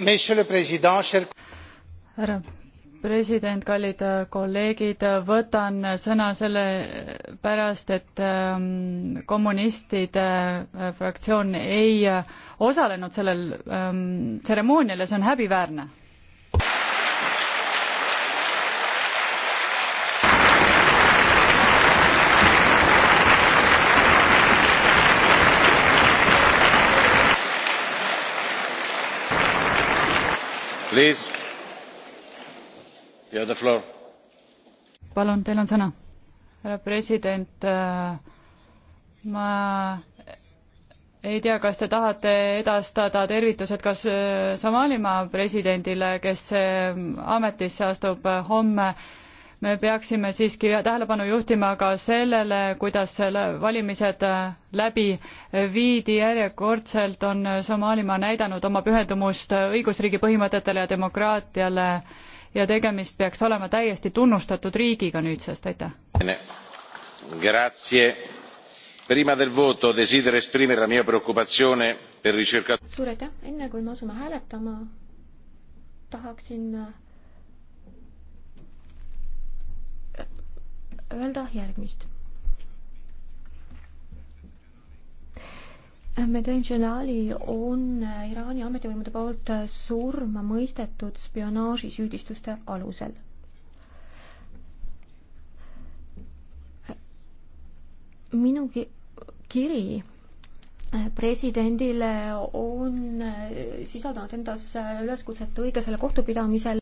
monsieur le président chers härra president kallid äh, kolleegid äh, võtan sõna sellepärast et ähm, kommunistide äh, fraktsioon ei osalenud sellel ähm, tseremoonial ja see on häbiväärne. Please. You have the floor. palun, teil on sõna. härra president, äh, ma ei tea, kas te tahate edastada tervitused kas äh, Somaalimaa presidendile, kes äh, ametisse astub homme me peaksime siiski tähelepanu juhtima ka sellele, kuidas selle valimised äh, läbi viidi järjekordselt, on Somaalimaa näidanud oma pühendumust äh, õigusriigi põhimõtetele ja demokraatiale ja tegemist peaks olema täiesti tunnustatud riigiga nüüdsest, aitäh. Prima del voto desidero esprimere la mia preoccupazione per ricercatori. suur aitäh, enne kui me asume hääletama, tahaksin äh, öelda järgmist. Mehdi Jalali on Iraani ametivõimude poolt surma mõistetud spionaažisüüdistuste alusel. minu ki-, kiri presidendile on sisaldanud endas üleskutset õiglasele kohtupidamisele